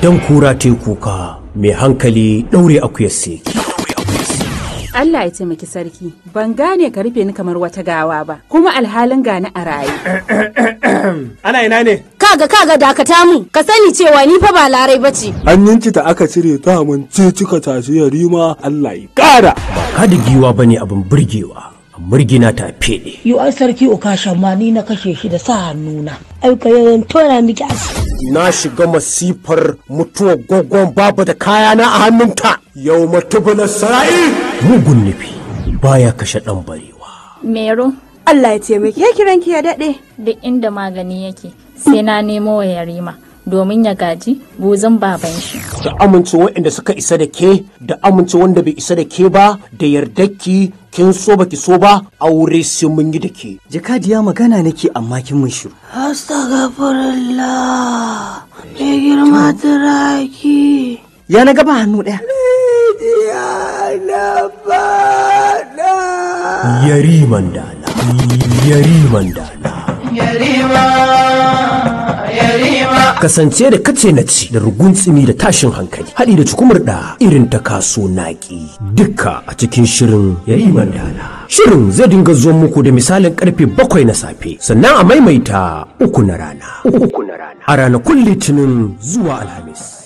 Dan kura teku kuka mai hankali ɗaure akuyar seki. Allah ya taimaki sarki ban gane ka rufe ni kamar wata gawa ba kuma alhalin gani a raye. Ana ina ne? Kaga kaga dakata mu ka sani cewa ni fa ba larai bace. An yanki ta aka cire ta mun ce cika tashi yarima Allah ya kara. Ba ka da giwa bane abin burgewa. murgina ta fede. Yo ai sarki Okasha ma ni na kashe shi da sa hannuna. Ai yayin tona miki asiri. na shiga masifar mutuwar gwaggon babu da kayana a hannunta yau matubula sara'i mugun nufi baya kashe ɗan barewa mero allah ya taimake kiranki ya daɗe duk inda magani yake sai na nemo wa yarima domin ya gaji buzan baban shi. Da amince waɗanda suka isa da ke da amince wanda bai isa da ke ba da yardarki kin so baki so ba aure sai mun yi da ke. ya magana nake amma kin mun shiru. Astagfirullah. Ya eh, girma turaki. Ya na gaba hannu ɗaya. Yari mandala. Yari mandala. Yari mandala. kasance da kace na ci da rugun tsimi da tashin hankali haɗi da da irin ta kaso naƙi duka a cikin shirin yayi mandala shirin zai dinga zuwa muku da misalin karfe bakwai na safe sannan a maimaita uku na rana uku na rana a ranakun litinin zuwa alhamis